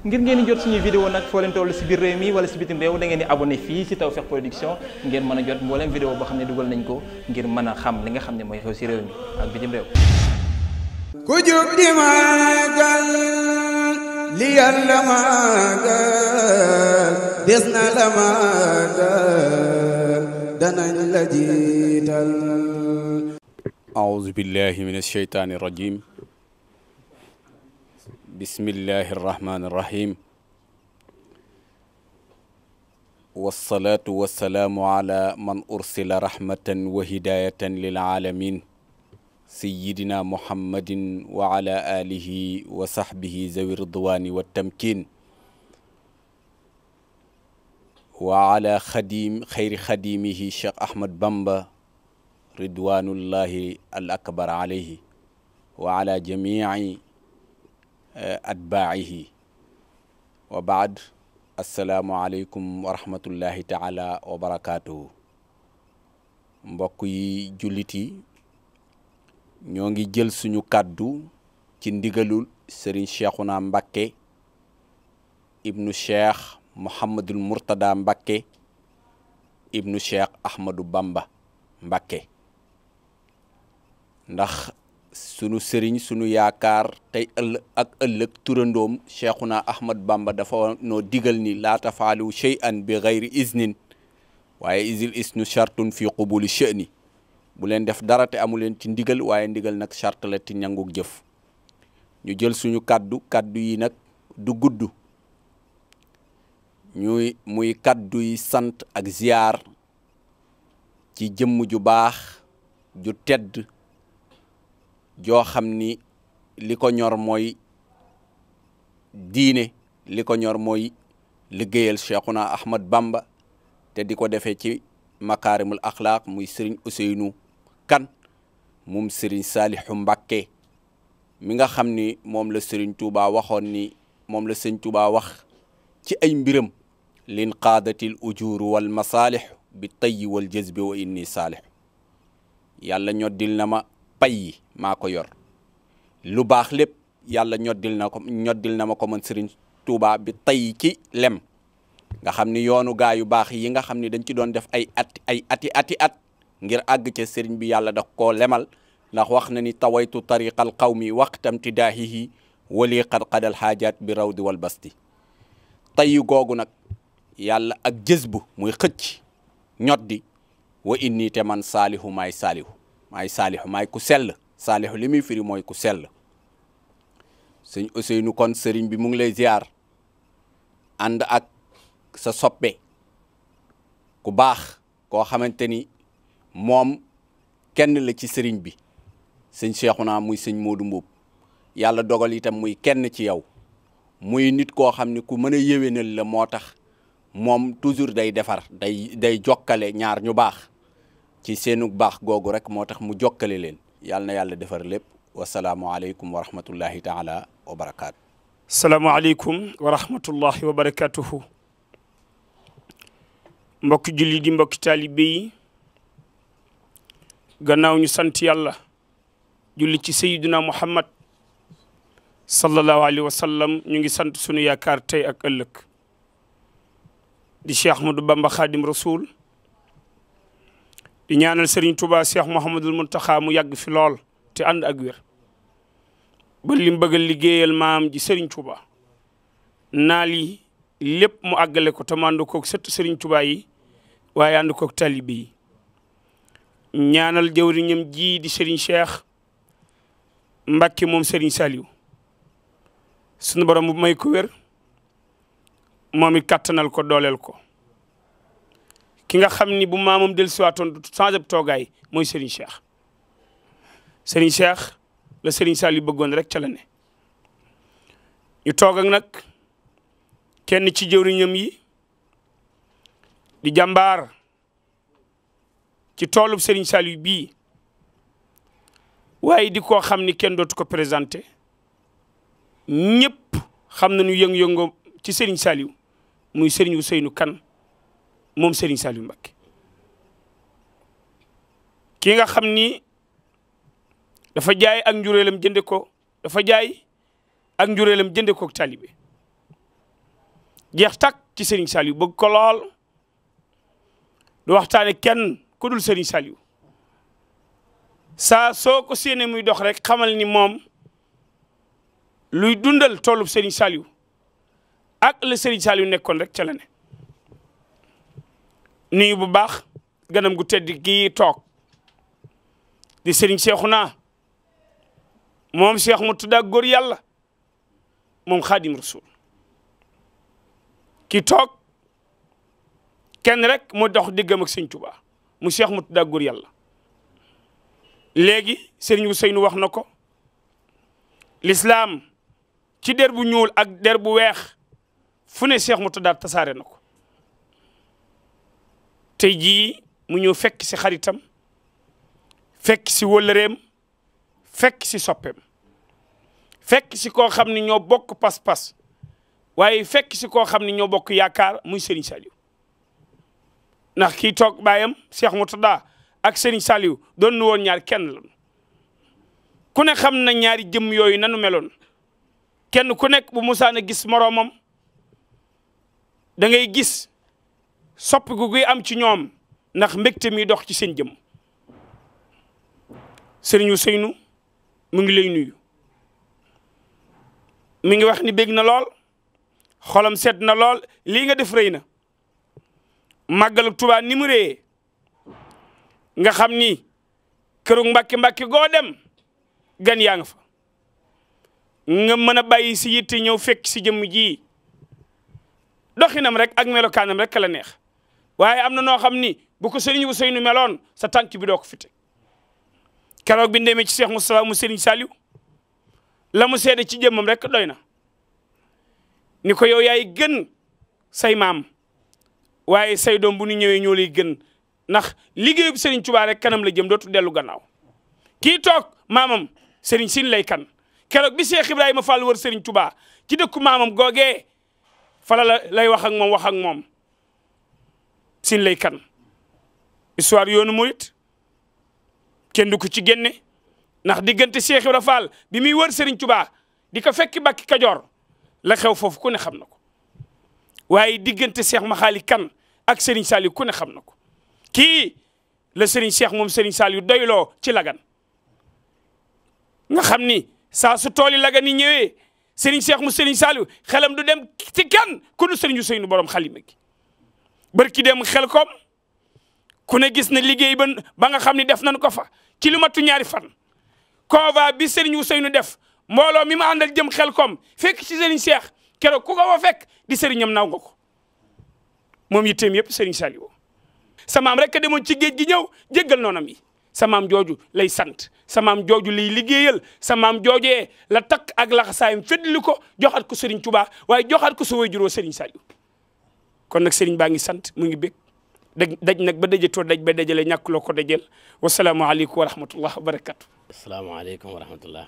ngir ngeen jot suñu vidéo nag foo leen si biir réew mi wala si bitim réew da ngeen di abonné fii si Tawfekh Production ngeen mën a jot mbooleem vidéo boo xam ne dugal nañ ko ngir mën a xam li nga xam ne mooy xew si réew mi ak bitim réew ku jóg di màggal li yàlla des na la màggal la jiital aouzu bismillahi irrahmani irrahim wassalaatu wassalaamu ala man ursila rahmatan wa hidayatan lilaalamin sayidina muhammadin wa ala alihi wa sahbihi zawi ridwaani wa tamkin wa ala xadim xayri xadimihi cheikh ahmad bamba ridwanullahi al akbar alayhi wa ala jamii atbaa'ihi wa baad asalaamualeykum wa rahmatullahi taala wa barakaatuhu mbokk yi jullit yi ñoo ngi jël suñu kàddu ci ndigalul sëriñ Cheikhouna Mbacké ibnu cheikh Mouhamadul Mourtada Mbacké ibnu cheikh Ahmadou Bamba Mbacké ndax sunu sëriñ sunu yaakaar tey ëllëg ak ëllëg na cheikhuna ahmad bamba dafa noo diggal ni laa tafaalu shay'an bi gayri iznin waaye izil isnu chartun fi qubuli sha'ni bu leen def dara te amu leen ci ndigal waaye ndigal nag charte la ti ñanguk jëf ñu jël suñu kaddu kaddu yi nag du gudd ñuy muy kaddu yi sant ak ziyaar ci jëmm ju baax ju tedd joo xam ni li ko ñor mooy diine li ko ñor mooy liggéeyal Cheikhuna Ahmad Bamba te di ko defee ci makaarimul axlaaq muy Serigne Ousseynou kan moom Serigne Salihu Mbacké mi nga xam ni moom la Serigne Touba waxoon ni moom la Serigne Touba wax ci ay mbiram lin qaadatil ujur wal masaalih bi tayyi wal jazbi wa inni saalih yàlla ñoddil na ma pay yi maa ko yor lu baax lépp yàlla ñoddil na ko ñoddil na ma ko man Serigne Touba bi tay ci lem nga xam ni yoonu gaa yu baax yi nga xam ni dañ ci doon def ay at ay ati at ngir àgg ca Serigne bi yàlla da koo lemal ndax wax na ni tawaytu tariqal qawmi waqtam tidaahihi wali qadqadal xaajaat bi rawdi wal basti tayyu googu nag yàlla ak jës bu muy xëcc ñoddi wa inni te man saalihu may saalihu maay saalixu may ku sell saalixu li muy firi mooy ku sell sëñ Ousseynou kon sëriñ bi mu ngi lay ziar ànd ak sa soppe ku baax koo xamante ni moom kenn la ci sëriñ bi sëñ Cheikhouna muy sëñ Modou Mboup yàlla dogal itam muy kenn ci yow muy nit koo xam ne ku mën a yéwénal la moo tax moom toujours day defar day day jokkale ñaar ñu baax ci seenu baax googu rek moo tax mu jokkale leen yàlla na yàlla defar lépp wasalaamualeykum wa rahmatullahi taala wa barakaatu. salaamualeykum wa rahmatullahi wa barakaatuhu. mbokki julli di mbokki taalibe gannaaw ñu sant yàlla julli ci sayyiduna muhammad sallallahu alayhi wa sallam ñu ngi sant sunu yaakaar tey ak ëllëg di Cheikh Ahmadou Bamba Khadim Rasoul di ñaanal Serigne Touba Cheikh Mouhamadul Mountakha mu yàgg fi lool te ànd ak wér ba bëgg liggéeyal maam ji Serigne Touba naal yi lépp mu àggale ko te mu ànd koog sëtt Serigne yi waaye ànd koog talibe yi ñaanal jëwriñam ji di Serigne Cheikh Mbacke moom Serigne Saliou sunu borom bu may ko wér moom it kattanal ko dooleel ko. ki nga xam ni bu maamam dellusiwaatoon changé toogaay mooy Serigne Cheikh Serigne Cheikh la Serigne Saliou bëggoon rek ca la ne ñu toog ak nag kenn ci jëwriñam yi di jàmbaar ci toolub Serigne Saliou bii waaye di koo xam ni kenn dootu ko présenté ñëpp xam nañu yëng-yëngoo ci Serigne Saliou muy Serigne Ousseynou kan moom Serigne Saliou Mbacké ki nga xam ni dafa jaay ak njureelam jënde ko dafa jaay ak njureelam jënde ko taalibe jeex tak ci Serigne Saliou bëgg ko lool du waxtaane kenn ku dul Serigne Saliou soo ko séene muy dox rek xamal ni moom luy dundal tollub Serigne Saliou ak la Serigne Saliou nekkoon rek ca nuyu bu baax ganam gu tedd gii toog di sëriñ Seexuna moom Seex mu tudda góor yàlla moom xaadim rasul ki toog kenn rek mu dox diggam ak sëñ Tuubaa mu Seex mu tudda góor yàlla léegi sëriñ Ousseynou wax na ko lislaam ci der bu ñuul ak der bu weex fu ne Seex mu tudda tasaare na ko tey jii mu ñëw fekk si xaritam fekk si wëllëreem fekk si soppeem fekk si koo xam ni ñoo bokk pas-pas waaye fekk si koo xam ni ñoo bokk yaakaar muy Serigne Saliou ndax kii toog baayam Cheikh Moutada ak Serigne Saliou doon nu woon ñaar kenn la ku ne xam na ñaari jëm yooyu nanu meloon kenn ku nekk bu musaana gis moroomam da ngay gis soppiku guy am ci ñoom ndax mbégte mi dox ci seen jëm sëriñu Seynu mu ngi lay nuyu mi ngi wax ni bég na lool xolam sedd na lool lii nga def rëy na màggalu Tuubaa ni mu réyee nga xam ni këru mbàkki mbàkki goo dem gan yaa nga fa nga mën a bay si yitte ñëw fekk si jëmm ji doxinam rek ak melokaanam rek la neex waaye am na noo xam ni bu ko sëriñ Ousseynou meloon sa tànk bi doo ko keroog bi ñu demee ci Cheikh Moustapha mu sëriñ Saliou la mu seede ci jëmmam rek doy na ni ko yow yaay gën say maam waaye say doom bu ñu ñëwee ñoo lay gën ndax liggéeyub Serigne Touba rek kanam la jëm dootu dellu gannaaw kii toog maamam Serigne Sine lay kan keroog bi Cheikh Ibrahima Fall wër Serigne Touba ci dëkku maamam googee fala lay wax ak moom wax ak moom Sile Kane histoire yoonu murit kenn du ko ci génne ndax diggante Cheikh Ibra bi muy wër Serigne Touba di ko fekki Bakki Kajoor la xew foofu ku ne xam na ko waaye diggante Cheikh Makhali kan ak Serigne Saliou ku ne xam na ko kii la Serigne Cheikh moom Serigne Saliou doyloo ci lagan nga xam ni saa su tool yi lagan yi ñëwee Serigne Cheikh mu Serigne Saliou xelam du dem ci kenn ku nu Serigne Ousseynou borom xalima gi bërki dem xel kom ku ne gis na liggéey ba ba nga xam ni def nañ ko fa ci lu matu ñaari fan koova bi sëy nu def mbooloo mi ma àndal jëm xel koom fekk si Serigne Cheikh keroog ku ko fa fekk di Serigne am naw nga ko moom yitteem yëpp Serigne Saliou sa maam rek a demoon ci géej gi ñëw jéggal noonam yi sa maam jooju lay sant samaam maam jooju lay liggéeyal sa maam joojee la takk ak laxasaayam fëdli ko joxaat ko Serigne Touba waaye joxaat ko sa waajur Serigne Saliou kon nag sëriñ baa ngi sant mu ngi bég daj daj nag ba dajatoo daj ba dajale ñàkk loo ko dajal wasalaamaaleykum wa rahmatullah wa barakatu. asalaamaaleykum wa rahmatullah.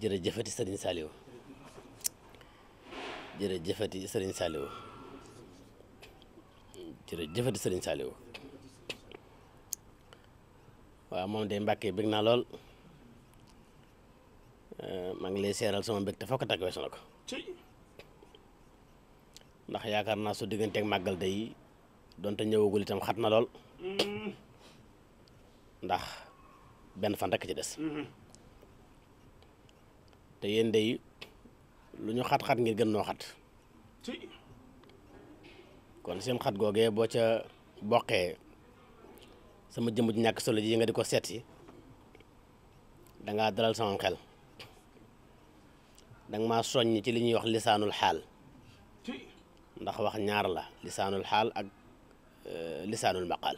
jërëjëfati sëriñ Saliou jërëjëfati sëriñ Saliou jëfati sëriñ Saliou waaw moom de Mbàkke bég naa lool euh, maa ngi lay seeral sama mbég te foo ko tàggee weesu ndax yaakaar naa su digganteeg màggal day donte ñëwagul itam xat na lool ndax benn fan rekk ci des te yéen day lu ñu xat-xat ngir gën noo xat kon seen xat googee boo ca boqee sama jëm ju ñàkk solo ji nga di ko seet si dangaa daral sama xel danga maa soññ ci li ñuy wax lisaanul xaal ndax wax ñaar la lisaanul xaal ak euh, lisaanul maqaal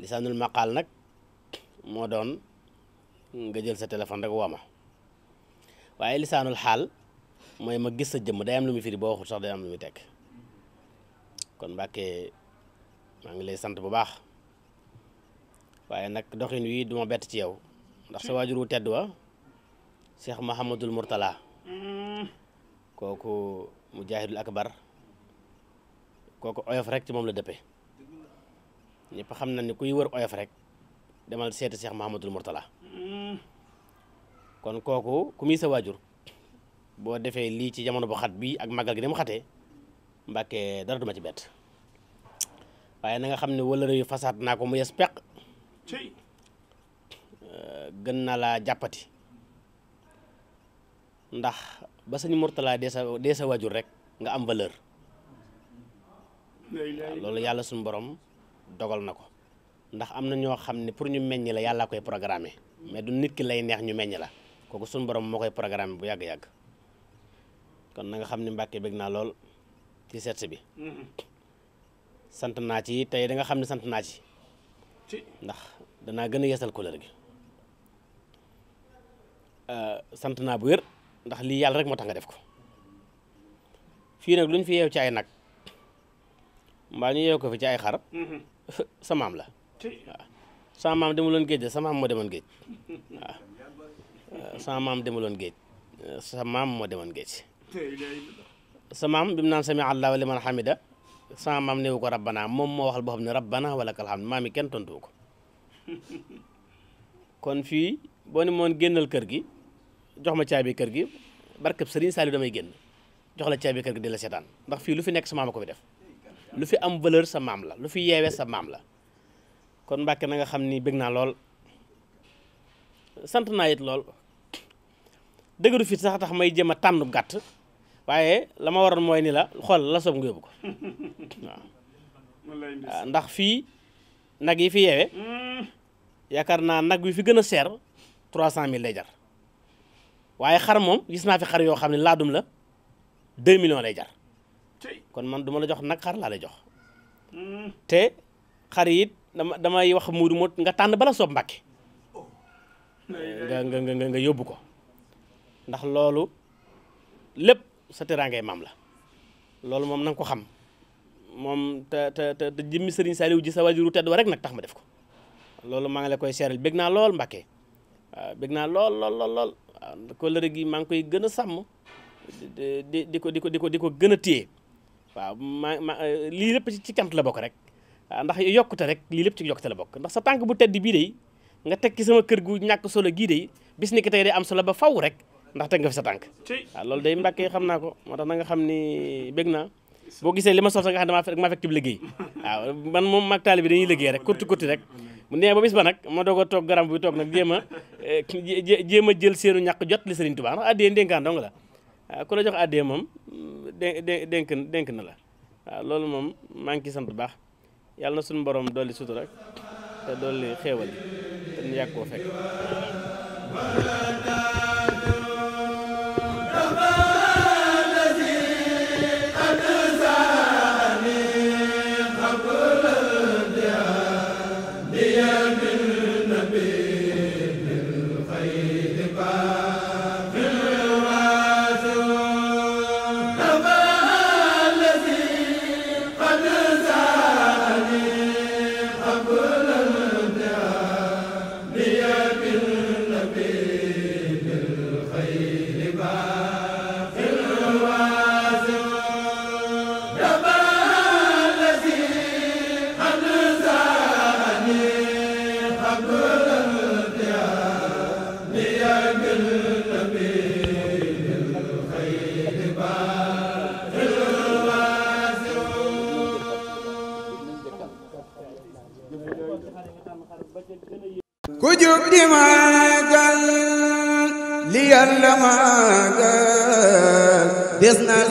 lisaanul maqaal nag moo doon nga jël sa téléphone rek woo waaye lisaanul xaal mooy ma gis sa jëmm day am lu muy firi boo waxul sax day am lu muy tekk kon Mbàkke maa ngi lay sant bu baax waaye nag doxin wi du bett ci yow ndax sa waajur wu tedd wa Cheikh Mahamadul Mourtala mm-hmm. kooku mujaahidul akbar kooku oyof rek ci moom la dëppee ñëpp xam na ni kuy wër oyof rek demal seeti Cheikh Mahamadul Mourtala kon kooku ku muy sa waajur boo defee lii ci jamono bu xat bi ak màggal gi ni mu xatee dara duma ci bett waaye na xam ne wala réyu fasaat naa ko mu yes peq gën na laa jàppati ndax ba sëñ Mourtala dee sa dee sa wajur rek nga am valeur loolu yàlla suñu borom dogal na ko ndax am na ñoo xam ne pour ñu meññ la yàllaa koy programmer mais du nit ki lay neex ñu meññ la kooku suñu borom moo koy programmer bu yàgg-yàgg kon na nga xam ne Mbàkke bëgg naa lool ci seet bi sant naa ci tey da nga xam ne sant naa ci ndax danaa gën a yeesal couleur gi euh, sant naa bu wér ndax lii yàlla rek moo tax nga def ko fii nag lu ñu fi yeew ci ay nag mbaa ñu yeew ko fi ci ay xar mhm. sa la waaw sa maam demuloon géej de sa moo demoon géej waaw sa maam moo demoon géej sa maam bi mu sami allahu liman hamida sa maam néewu ko rabbana moom moo waxal boo xam ne rabbana wa lakal hamd maam kenn tontuwu ko kon fii boo ne moon génnal kër gi jox ma caabi kër gi barkeb Serigne Saliou damay génn jox la caabi kër gi di la seetaan ndax fii lu fi nekk sa maam a ko fi def lu fi am valeur sa maam la lu fi yeewee sa la kon Mbàkke na nga xam ni bëgg naa lool sant naa it lool dëgëru fit sax tax may jëm a tànn gàtt waaye la ma waroon mooy ni la xool la soog nga yóbbu ko ndax fii nag yi fi yeewee mm. yaakaar naa nag yu fi gën a seer trois cent mille lay jar waaye xar moom gis naa fi xar yoo xam ne laadum la 2 millions lay jar kon man duma la jox nag xar laa lay jox hmm. te xar yi it dama damay wax muuru mot nga tànn bala soob mbàkke oh. nga nga nga yóbbu ko ndax loolu lépp sa teraangay maam la loolu moom na nga ko xam moom te te te jëmmi sëriñ Saliou ji sa wajuru tedd wa rek nag tax ma def ko loolu maa ngi la koy seeral bég naa lool mbàkke waaw naa lool lool lool lool kóllëre gi maa ngi koy gën a sàmm di di ko di ko di ko di ko gën a téye waaw ma ma lii lépp ci cant la bokk rek ndax yokkute rek lii lépp ci yokkute la bokk ndax sa tànk bu tedd bii day nga teg ci sama kër gu ñàkk solo gii day bis ni ki tey day am solo ba faw rek ndax teg nga fi sa tànk waaw loolu day mbàkkee xam naa ko moo tax na nga xam ni bég naa boo gisee li ma sol sax nga xam ne damaa fekk damaa fekk liggéey waaw man moom mag taali bi dañuy liggéey rek kurti kurti rek mu nee ba bis ba nag ma doog toog garam bu toog nag jéem a eh, jéem a jël seenu ñàkk jot li Sëriñ Tuubaa ndax addee dénkaan dong la ah, ku la jox addee moom de mm, denk na la ah, loolu moom maa ngi ciy sant bu baax yàlla na suñu borom dolli sutura rek te dolli xéewal yi te ñu yàgg fekk